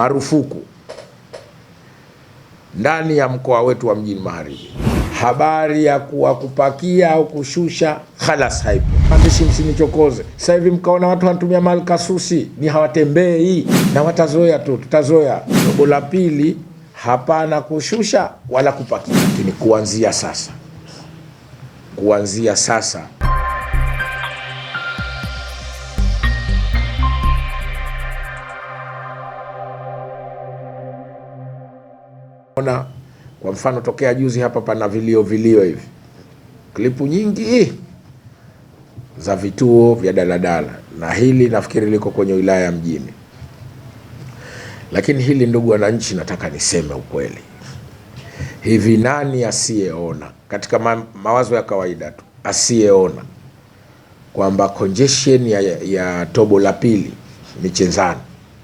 marufuku ndani ya mkoa wetu wa Mjini Magharibi. Habari ya kuwa kupakia au kushusha halas haipo. Mhandisi, msinichokoze sasa hivi mkaona watu wanatumia mali kasusi, ni hawatembei na watazoea tu, tutazoea. Jambo la pili, hapana kushusha wala kupakia, lakini kuanzia sasa, kuanzia sasa Ona kwa mfano tokea juzi hapa pana vilio vilio hivi, klipu nyingi za vituo vya daladala, na hili nafikiri liko kwenye wilaya ya Mjini. Lakini hili ndugu wananchi, nataka niseme ukweli, hivi nani asiyeona katika ma mawazo ya kawaida tu, asiyeona kwamba congestion ya, ya tobo la pili Michenzani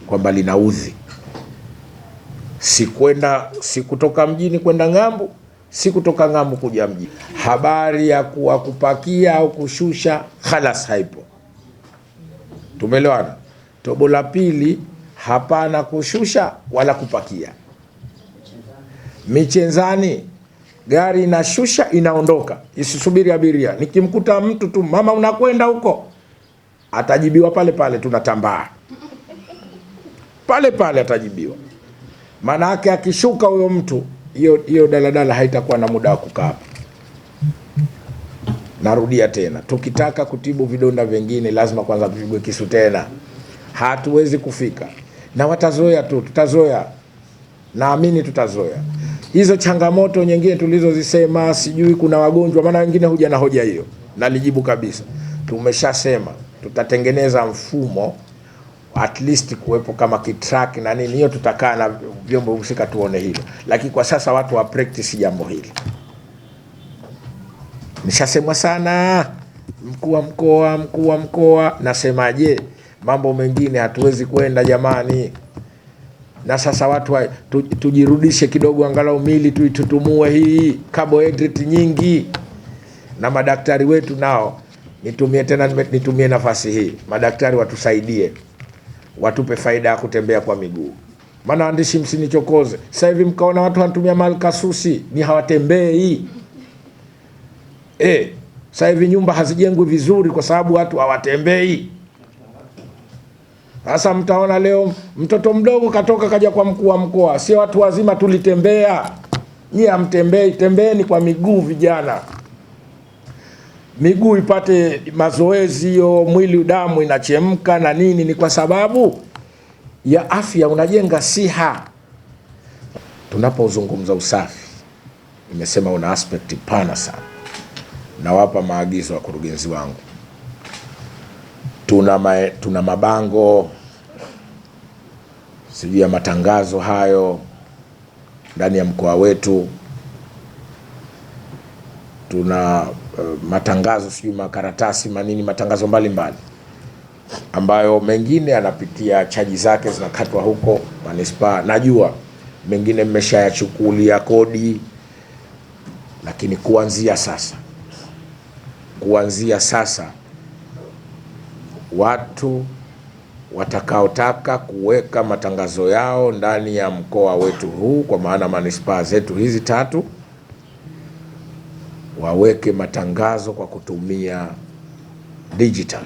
kwamba linaudhi sikwenda sikutoka mjini kwenda ng'ambo, sikutoka ng'ambo kuja mjini. Habari ya kuwa kupakia au kushusha halas haipo. Tumelewana. Tobo la pili, hapana kushusha wala kupakia. Michenzani gari inashusha inaondoka, isisubiri abiria. Nikimkuta mtu tu, mama, unakwenda huko, atajibiwa pale pale, tunatambaa pale pale, atajibiwa. Maana yake akishuka huyo mtu, hiyo hiyo daladala haitakuwa na muda wa kukaa. Narudia tena, tukitaka kutibu vidonda vingine lazima kwanza tupigwe kisu tena. Hatuwezi kufika na watazoea tu, tutazoea, naamini tutazoea hizo changamoto nyingine tulizozisema, sijui kuna wagonjwa, maana wengine huja na hoja hiyo, nalijibu kabisa, tumeshasema tutatengeneza mfumo at least kuwepo kama kitrack na nini, hiyo tutakaa na vyombo husika tuone hilo, lakini kwa sasa watu wa practice jambo hili. Nishasemwa sana, mkuu wa mkoa, mkuu wa mkoa, nasemaje? Mambo mengine hatuwezi kwenda jamani, na sasa watu wa, tu, tujirudishe kidogo, angalau mili tuitutumue hii carbohydrate nyingi, na madaktari wetu nao nitumie tena nitumie nafasi hii, madaktari watusaidie watupe faida ya kutembea kwa miguu. Maana waandishi, msinichokoze sasa hivi mkaona watu wanatumia malkasusi ni hawatembei eh. Sasa hivi nyumba hazijengwi vizuri kwa sababu watu hawatembei. Sasa mtaona leo mtoto mdogo katoka kaja kwa mkuu wa mkoa, sio watu wazima tulitembea. Nyie hamtembei, tembeeni kwa miguu vijana miguu ipate mazoezi, hiyo mwili damu inachemka na nini, ni kwa sababu ya afya, unajenga siha. Tunapozungumza usafi, nimesema una aspect pana sana. Nawapa maagizo ya wakurugenzi wangu, tuna, ma, tuna mabango sijui ya matangazo hayo ndani ya mkoa wetu tuna Eh, matangazo sijui makaratasi manini matangazo mbalimbali mbali, ambayo mengine anapitia chaji zake zinakatwa huko manispaa, najua mengine mmeshayachukulia kodi, lakini kuanzia sasa, kuanzia sasa watu watakaotaka kuweka matangazo yao ndani ya mkoa wetu huu, kwa maana manispaa zetu hizi tatu waweke matangazo kwa kutumia digital.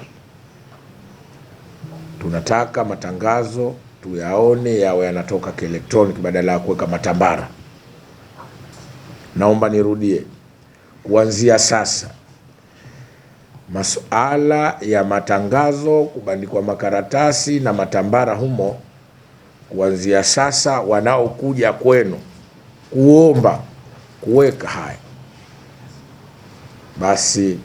Tunataka matangazo tuyaone yawe yanatoka kielektroniki badala ya kuweka matambara. Naomba nirudie, kuanzia sasa masuala ya matangazo kubandikwa makaratasi na matambara humo, kuanzia sasa wanaokuja kwenu kuomba kuweka haya basi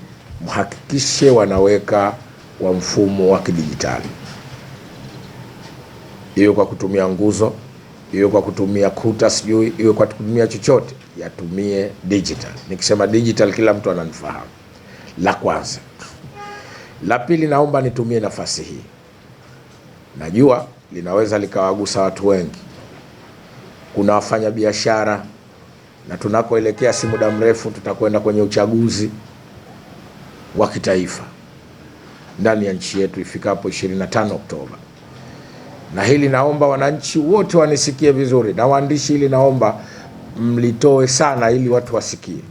mhakikishe wanaweka wa mfumo wa kidijitali, iwe kwa kutumia nguzo, iwe kwa kutumia kuta, sijui iwe kwa kutumia chochote, yatumie digital. Nikisema digital, kila mtu ananifahamu. La kwanza. La pili, naomba nitumie nafasi hii, najua linaweza likawagusa watu wengi. Kuna wafanyabiashara na tunakoelekea si muda mrefu tutakwenda kwenye uchaguzi wa kitaifa ndani ya nchi yetu ifikapo 25 Oktoba. Na hili naomba wananchi wote wanisikie vizuri, na waandishi, hili naomba mlitoe sana, ili watu wasikie.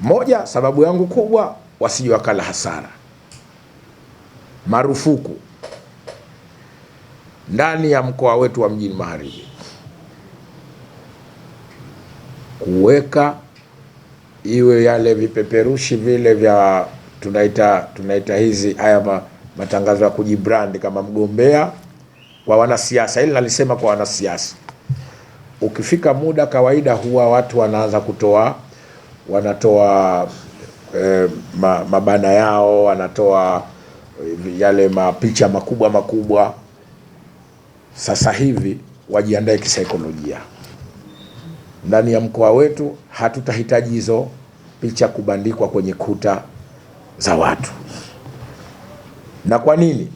Moja, sababu yangu kubwa, wasije wakala hasara. Marufuku ndani ya mkoa wetu wa Mjini Magharibi kuweka iwe yale vipeperushi vile vya tunaita tunaita hizi haya ma, matangazo ya kujibrand kama mgombea kwa wanasiasa. ili nalisema kwa wanasiasa, ukifika muda kawaida huwa watu wanaanza kutoa wanatoa eh, ma, mabana yao wanatoa eh, yale mapicha makubwa makubwa. Sasa hivi wajiandae kisaikolojia ndani ya mkoa wetu, hatutahitaji hizo picha kubandikwa kwenye kuta za watu. Na kwa nini?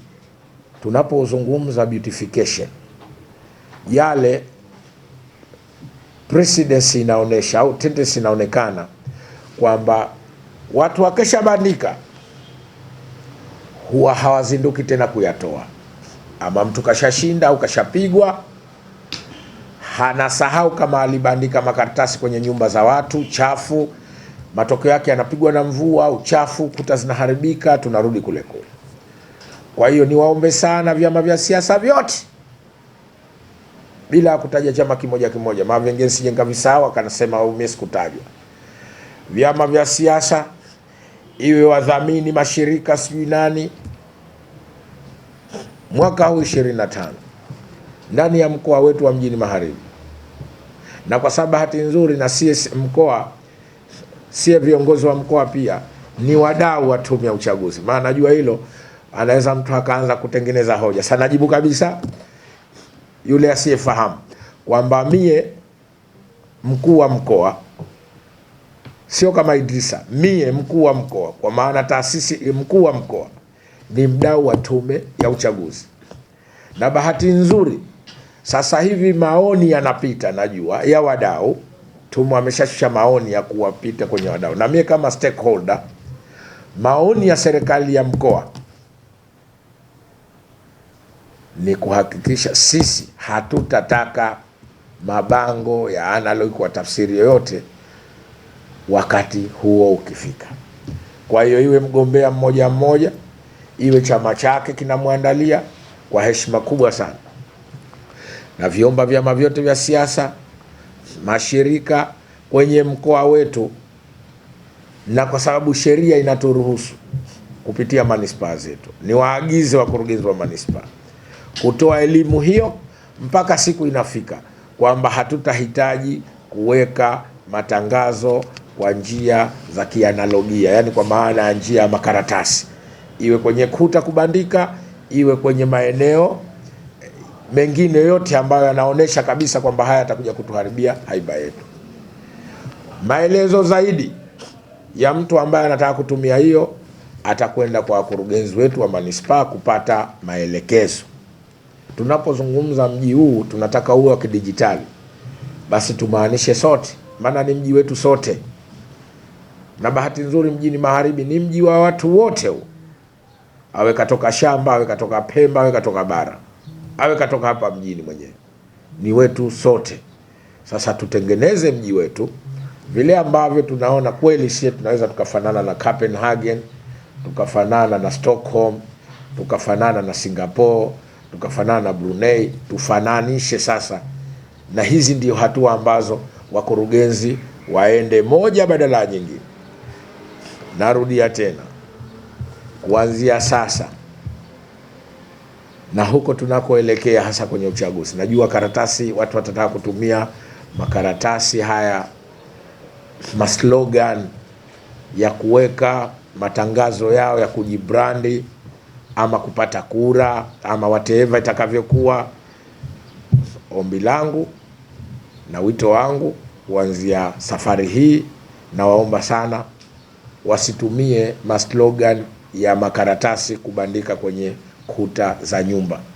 Tunapozungumza beautification, yale precedence inaonesha au tendency inaonekana kwamba watu wakishabandika huwa hawazinduki tena kuyatoa, ama mtu kashashinda au kashapigwa anasahau kama alibandika makaratasi kwenye nyumba za watu chafu. Matokeo yake yanapigwa na mvua, uchafu, kuta zinaharibika, tunarudi kule kule. Kwa hiyo niwaombe sana vyama vya siasa vyote, bila kutaja chama kimoja kimoja, maana sijenga visawa kanasema mimi sikutajwa, vyama vya siasa, iwe wadhamini, mashirika, sijui nani. Mwaka huu 25 ndani ya mkoa wetu wa Mjini Magharibi na kwa sababu bahati nzuri na sie mkoa sie viongozi wa mkoa pia ni wadau wa tume ya uchaguzi, maana najua hilo, anaweza mtu akaanza kutengeneza hoja sana, najibu kabisa yule asiyefahamu kwamba mie mkuu wa mkoa sio kama Idrisa, mie mkuu wa mkoa, kwa maana taasisi mkuu wa mkoa ni mdau wa tume ya uchaguzi, na bahati nzuri sasa hivi maoni yanapita, najua ya wadau tumu ameshashusha maoni ya kuwapita kwenye wadau, na mie kama stakeholder, maoni ya serikali ya mkoa ni kuhakikisha sisi hatutataka mabango ya analog kwa tafsiri yoyote wakati huo ukifika. Kwa hiyo iwe mgombea mmoja mmoja, iwe chama chake kinamwandalia kwa heshima kubwa sana na viomba vyama vyote vya siasa, mashirika kwenye mkoa wetu, na kwa sababu sheria inaturuhusu kupitia manispaa zetu, ni waagize wakurugenzi wa manispaa kutoa elimu hiyo mpaka siku inafika kwamba hatutahitaji kuweka matangazo kwa njia za kianalogia, yani kwa maana ya njia ya makaratasi, iwe kwenye kuta kubandika, iwe kwenye maeneo mengine yote ambayo yanaonyesha kabisa kwamba haya yatakuja kutuharibia haiba yetu. Maelezo zaidi ya mtu ambaye anataka kutumia hiyo atakwenda kwa wakurugenzi wetu wa manispaa kupata maelekezo. Tunapozungumza mji huu tunataka uwe wa kidijitali, basi tumaanishe sote, maana ni mji wetu sote. Na bahati nzuri mjini Magharibi ni mji wa watu wote, awe katoka Shamba, awe katoka Pemba, awe katoka bara awe katoka hapa mjini mwenyewe, ni wetu sote. Sasa tutengeneze mji wetu vile ambavyo tunaona kweli sie tunaweza tukafanana na Copenhagen, tukafanana na Stockholm, tukafanana na Singapore, tukafanana na Brunei. Tufananishe sasa, na hizi ndio hatua ambazo wakurugenzi waende moja badala ya nyingine. Narudia tena, kuanzia sasa na huko tunakoelekea hasa kwenye uchaguzi. Najua karatasi, watu watataka kutumia makaratasi haya, maslogan ya kuweka matangazo yao ya kujibrandi ama kupata kura ama whatever itakavyokuwa. Ombi langu na wito wangu kuanzia safari hii, nawaomba sana wasitumie maslogan ya makaratasi kubandika kwenye kuta za nyumba.